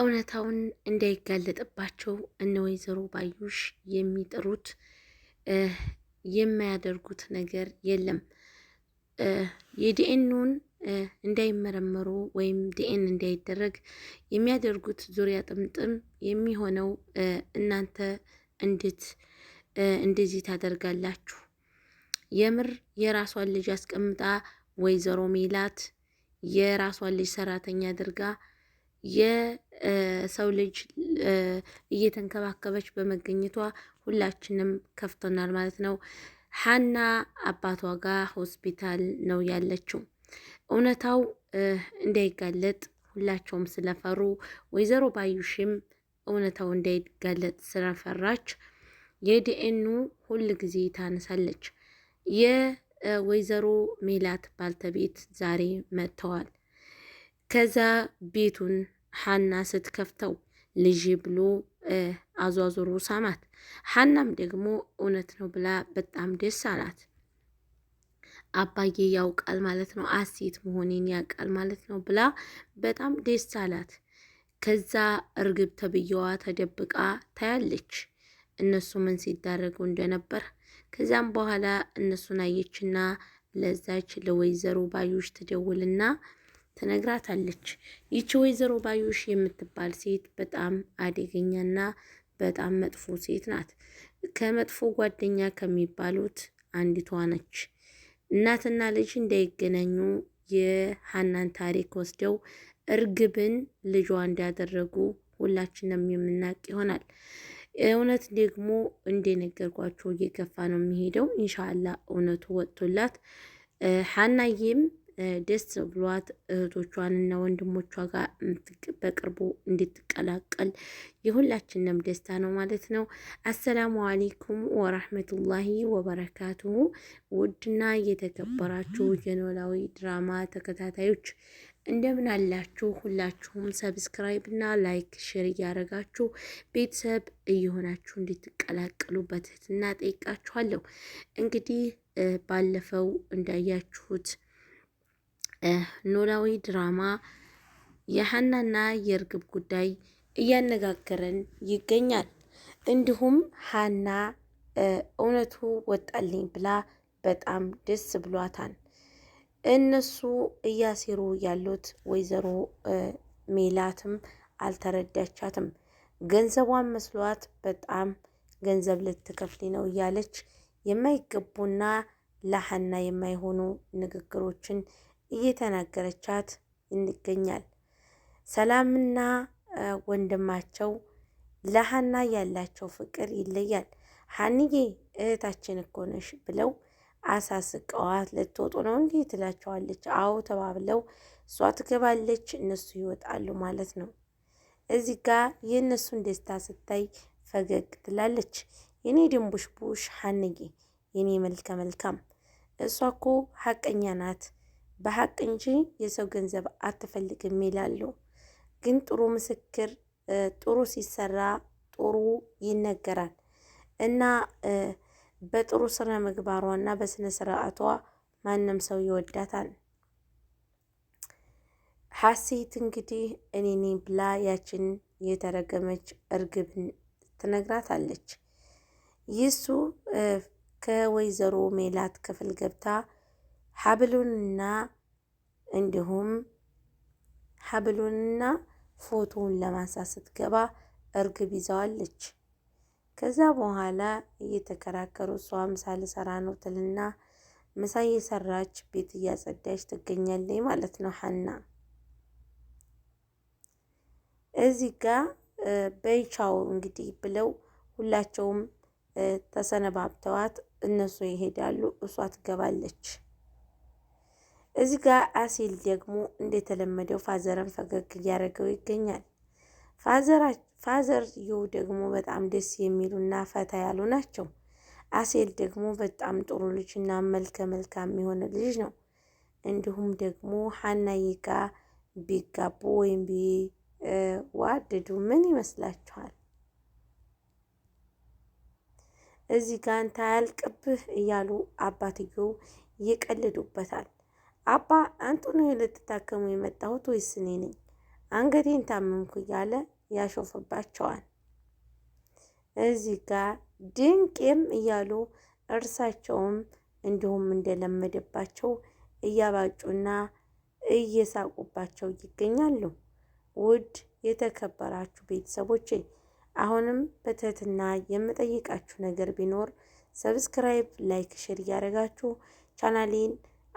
እውነታውን እንዳይጋለጥባቸው እነ ወይዘሮ ባዩሽ የሚጥሩት የማያደርጉት ነገር የለም። የዲኤንኤውን እንዳይመረመሩ ወይም ዲኤን እንዳይደረግ የሚያደርጉት ዙሪያ ጥምጥም የሚሆነው እናንተ እንድት እንደዚህ ታደርጋላችሁ? የምር የራሷን ልጅ አስቀምጣ ወይዘሮ ሜላት የራሷን ልጅ ሰራተኛ አድርጋ የሰው ልጅ እየተንከባከበች በመገኘቷ ሁላችንም ከፍቶናል ማለት ነው። ሀና አባቷ ጋር ሆስፒታል ነው ያለችው። እውነታው እንዳይጋለጥ ሁላቸውም ስለፈሩ ወይዘሮ ባዩሽም እውነታው እንዳይጋለጥ ስለፈራች የዲኤኑ ሁል ጊዜ ታነሳለች። የወይዘሮ ሜላት ባልተቤት ዛሬ መጥተዋል። ከዛ ቤቱን ሐና ስትከፍተው ልጅ ብሎ አዟዙሮ ሳማት። ሐናም ደግሞ እውነት ነው ብላ በጣም ደስ አላት። አባዬ ያውቃል ማለት ነው፣ አሴት መሆኔን ያውቃል ማለት ነው ብላ በጣም ደስ አላት። ከዛ እርግብ ተብዬዋ ተደብቃ ታያለች እነሱ ምን ሲዳረጉ እንደነበር። ከዚያም በኋላ እነሱን አየችና ለዛች ለወይዘሮ ባዩሽ ትደውልና ትነግራታለች። ይቺ ወይዘሮ ባዩሽ የምትባል ሴት በጣም አደገኛና በጣም መጥፎ ሴት ናት። ከመጥፎ ጓደኛ ከሚባሉት አንዲቷ ነች። እናትና ልጅ እንዳይገናኙ የሀናን ታሪክ ወስደው እርግብን ልጇ እንዳደረጉ ሁላችንም የምናውቅ ይሆናል። እውነት ደግሞ እንደነገርኳቸው እየከፋ ነው የሚሄደው። እንሻላ እውነቱ ወጥቶላት ሀናዬም ደስ ብሏት እህቶቿን እና ወንድሞቿ ጋር በቅርቡ እንድትቀላቀል የሁላችንም ደስታ ነው ማለት ነው። አሰላሙ አሌይኩም ወራህመቱላሂ ወበረካቱሁ። ውድና የተከበራችሁ የኖላዊ ድራማ ተከታታዮች እንደምን አላችሁ? ሁላችሁም ሰብስክራይብ እና ላይክ ሼር እያደረጋችሁ ቤተሰብ እየሆናችሁ እንድትቀላቀሉ በትህትና ጠይቃችኋለሁ። እንግዲህ ባለፈው እንዳያችሁት ኖላዊ ድራማ የሀናና የእርግብ ጉዳይ እያነጋገረን ይገኛል። እንዲሁም ሀና እውነቱ ወጣልኝ ብላ በጣም ደስ ብሏታል። እነሱ እያሴሩ ያሉት ወይዘሮ ሜላትም አልተረዳቻትም። ገንዘቧን መስሏት በጣም ገንዘብ ልትከፍል ነው እያለች የማይገቡና ለሀና የማይሆኑ ንግግሮችን እየተናገረቻት ይገኛል። ሰላምና ወንድማቸው ለሀና ያላቸው ፍቅር ይለያል። ሀንዬ እህታችን እኮ ነሽ ብለው አሳስቀዋት። ልትወጡ ነው እንዲህ ትላቸዋለች። አዎ ተባብለው እሷ ትገባለች፣ እነሱ ይወጣሉ ማለት ነው። እዚህ ጋ የእነሱን ደስታ ስታይ ፈገግ ትላለች። የኔ ድንቡሽቡሽ ሀንዬ፣ የኔ መልከ መልካም፣ እሷ እኮ ሀቀኛ ናት በሀቅ እንጂ የሰው ገንዘብ አትፈልግም ይላሉ። ግን ጥሩ ምስክር ጥሩ ሲሰራ ጥሩ ይነገራል እና በጥሩ ስነ ምግባሯ እና በስነ ስርዓቷ ማንም ሰው ይወዳታል። ሀሴት እንግዲህ እኔኔ ብላ ያችን የተረገመች እርግብን ትነግራታለች። ይሱ ከወይዘሮ ሜላት ክፍል ገብታ ሀብሉንና እንዲሁም ሀብሉንና ፎቶውን ለማንሳት ስትገባ እርግብ ይዘዋለች። ከዛ በኋላ እየተከራከሩ እሷ ምሳ ልሰራ ነው ትልና ምሳ እየሰራች ቤት እያጸዳች ትገኛለች ማለት ነው። ሀና እዚህ ጋ በይቻው እንግዲህ ብለው ሁላቸውም ተሰነባብተዋት እነሱ ይሄዳሉ፣ እሷ ትገባለች። እዚህ ጋር አሲል ደግሞ እንደተለመደው ፋዘርን ፈገግ እያደረገው ይገኛል። ፋዘር ደግሞ በጣም ደስ የሚሉ እና ፈታ ያሉ ናቸው። አሴል ደግሞ በጣም ጥሩ ልጅና መልከ መልካም የሆነ ልጅ ነው። እንዲሁም ደግሞ ሀናዬ ጋር ቢጋቡ ወይም ቢዋደዱ ምን ይመስላችኋል? እዚህ ጋር ታያልቅብህ እያሉ አባትየው ይቀልዱበታል። አባ አንቶኒ ልትታከሙ የመጣሁት ወይስ እኔ ነኝ? አንገቴን ታመምኩ እያለ ያሾፍባቸዋል። እዚህ ጋር ድንቄም እያሉ እርሳቸውም እንዲሁም እንደለመደባቸው እያባጩና እየሳቁባቸው ይገኛሉ። ውድ የተከበራችሁ ቤተሰቦቼ አሁንም በትህትና የምጠይቃችሁ ነገር ቢኖር ሰብስክራይብ፣ ላይክ፣ ሼር እያደረጋችሁ ቻናሌን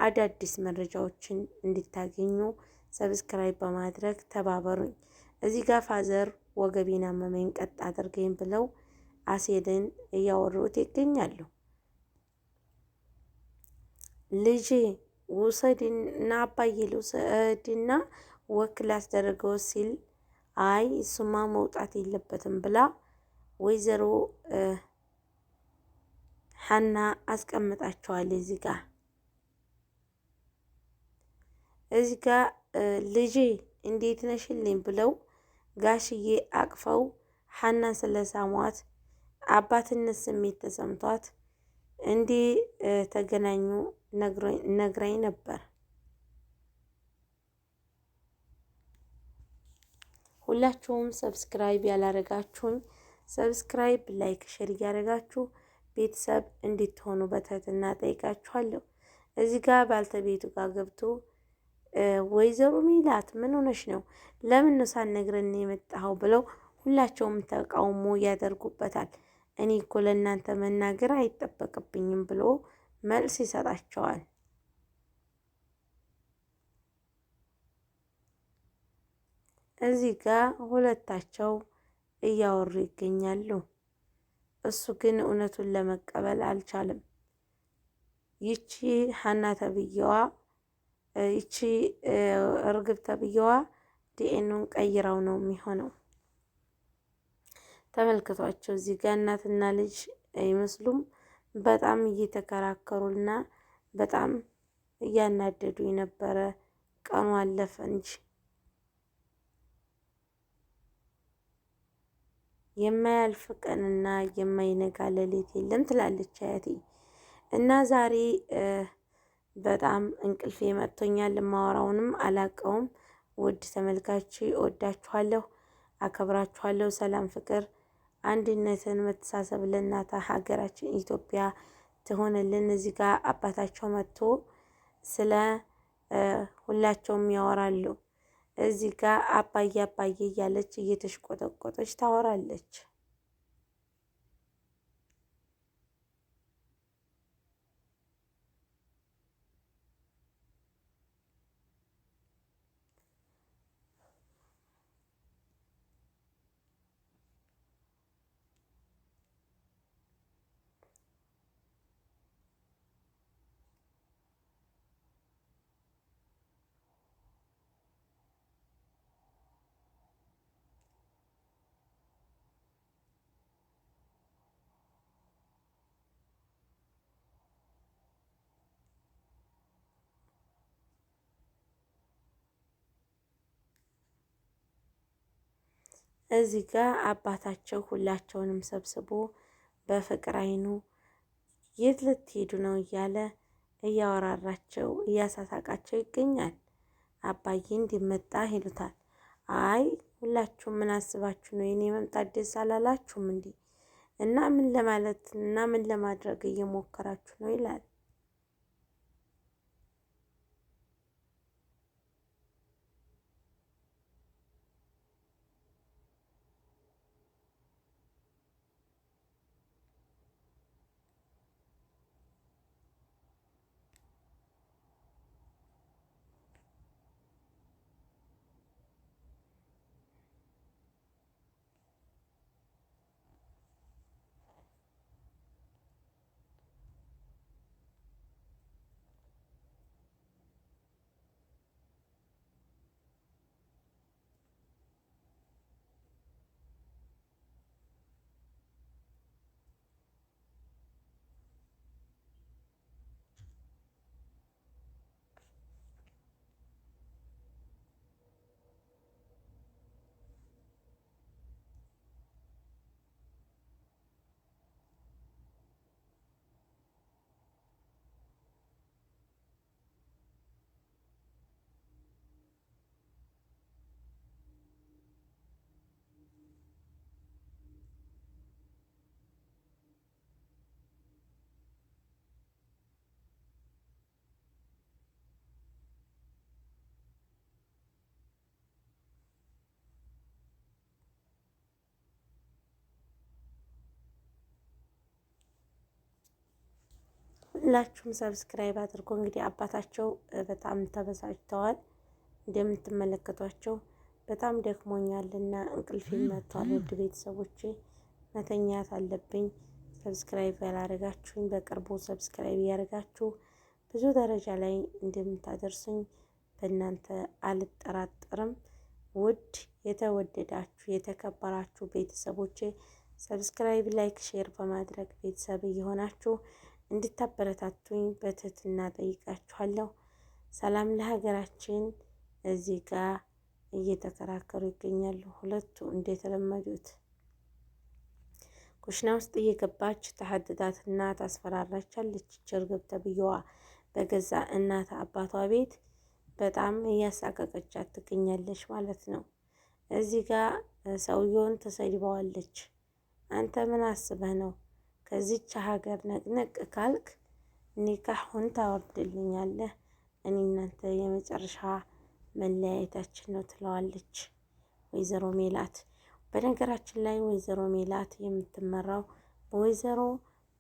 አዳዲስ መረጃዎችን እንድታገኙ ሰብስክራይብ በማድረግ ተባበሩኝ። እዚህ ጋር ፋዘር ወገቤን አመመኝ ቀጥ አድርገኝ ብለው አሴድን እያወሩት ይገኛሉ። ልጄ ውሰድና አባዬ ልውሰድና ወክል አስደረገው ሲል አይ እሱማ መውጣት የለበትም ብላ ወይዘሮ ሀና አስቀምጣቸዋል እዚህ ጋር እዚህ ጋ ልጄ እንዴት ነሽልኝ ብለው ጋሽዬ አቅፈው ሀናን ስለሳሟት አባትነት ስሜት ተሰምቷት እንዲህ ተገናኙ ነግራኝ ነበር። ሁላችሁም ሰብስክራይብ ያላረጋችሁኝ ሰብስክራይብ፣ ላይክ፣ ሼር እያደረጋችሁ ቤተሰብ እንድትሆኑ በትህትና ጠይቃችኋለሁ። እዚህ ጋር ባልተቤቱ ጋር ገብቶ ወይዘሮ ሚላት ምን ሆነሽ ነው? ለምን ነው ሳትነግረን የመጣኸው? ብለው ሁላቸውም ተቃውሞ ያደርጉበታል። እኔ እኮ ለእናንተ መናገር አይጠበቅብኝም ብሎ መልስ ይሰጣቸዋል። እዚህ ጋር ሁለታቸው እያወሩ ይገኛሉ። እሱ ግን እውነቱን ለመቀበል አልቻለም። ይቺ ሀና ተብዬዋ ይቺ እርግብ ተብዬዋ ዲኤኑን ቀይረው ነው የሚሆነው። ተመልክቷቸው እዚህ ጋ እናትና ልጅ አይመስሉም። በጣም እየተከራከሩና በጣም እያናደዱ የነበረ ቀኑ አለፈ እንጂ የማያልፍ ቀንና የማይነጋ ሌሊት የለም ትላለች አያቴ እና ዛሬ በጣም እንቅልፍ መጥቶኛል። ማወራውንም አላቀውም። ውድ ተመልካች ወዳችኋለሁ አከብራችኋለሁ። ሰላም፣ ፍቅር፣ አንድነትን፣ መተሳሰብ ለእናት ሀገራችን ኢትዮጵያ ትሆንልን። እዚህ ጋር አባታቸው መጥቶ ስለ ሁላቸውም ያወራሉ። እዚህ ጋር አባዬ አባዬ እያለች እየተሽቆጠቆጠች ታወራለች። እዚህ ጋር አባታቸው ሁላቸውንም ሰብስቦ በፍቅር አይኑ የት ልትሄዱ ነው እያለ እያወራራቸው እያሳሳቃቸው ይገኛል። አባዬ እንዲመጣ ይሉታል። አይ ሁላችሁም ምን አስባችሁ ነው የኔ መምጣት ደስ አላላችሁም እንዴ? እና ምን ለማለት እና ምን ለማድረግ እየሞከራችሁ ነው ይላል። ሁላችሁም ሰብስክራይብ አድርጎ እንግዲህ አባታቸው በጣም ተበሳጭተዋል። እንደምትመለከቷቸው በጣም ደክሞኛልና እንቅልፍ መጥቷል። ውድ ቤተሰቦቼ መተኛት አለብኝ። ሰብስክራይብ ያላረጋችሁኝ በቅርቡ ሰብስክራይብ እያደረጋችሁ ብዙ ደረጃ ላይ እንደምታደርሱኝ በእናንተ አልጠራጠርም። ውድ የተወደዳችሁ የተከበራችሁ ቤተሰቦቼ ሰብስክራይብ፣ ላይክ፣ ሼር በማድረግ ቤተሰብ እየሆናችሁ እንድታበረታቱኝ በትህትና ጠይቃችኋለሁ። ሰላም ለሀገራችን። እዚህ ጋር እየተከራከሩ ይገኛሉ ሁለቱ እንደተለመዱት ኩሽና ውስጥ እየገባች ተሀድዳትና ታስፈራራቻለች። ችርግብ ተብዬዋ በገዛ እናት አባቷ ቤት በጣም እያሳቀቀቻት ትገኛለች ማለት ነው። እዚህ ጋር ሰውየውን ተሰድበዋለች። አንተ ምን አስበህ ነው ከዚች ሀገር ነቅነቅ ካልክ ኒካሁን ታወርድልኛለህ፣ እኔ እናንተ የመጨረሻ መለያየታችን ነው ትለዋለች ወይዘሮ ሜላት። በነገራችን ላይ ወይዘሮ ሜላት የምትመራው በወይዘሮ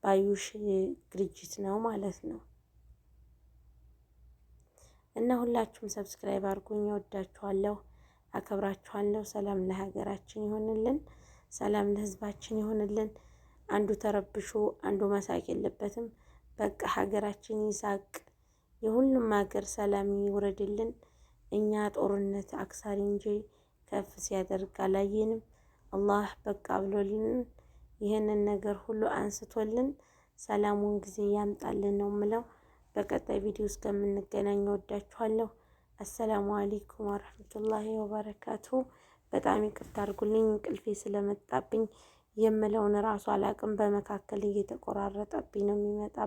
ባዩሽ ድርጅት ነው ማለት ነው። እና ሁላችሁም ሰብስክራይብ አድርጉኝ። እወዳችኋለሁ፣ አከብራችኋለሁ። ሰላም ለሀገራችን ይሆንልን፣ ሰላም ለህዝባችን ይሆንልን። አንዱ ተረብሾ አንዱ መሳቅ የለበትም። በቃ ሀገራችን ይሳቅ፣ የሁሉም ሀገር ሰላም ይውረድልን። እኛ ጦርነት አክሳሪ እንጂ ከፍ ሲያደርግ አላየንም። አላህ በቃ ብሎልን ይህንን ነገር ሁሉ አንስቶልን ሰላሙን ጊዜ ያምጣልን ነው ምለው። በቀጣይ ቪዲዮ እስከምንገናኝ ወዳችኋለሁ። አሰላሙ አሌይኩም ወረህመቱላሂ ወበረካቱሁ። በጣም ይቅርታ አድርጉልኝ እንቅልፌ ስለመጣብኝ የምለውን ራሱ አላቅም። በመካከል እየተቆራረጠብኝ ነው የሚመጣ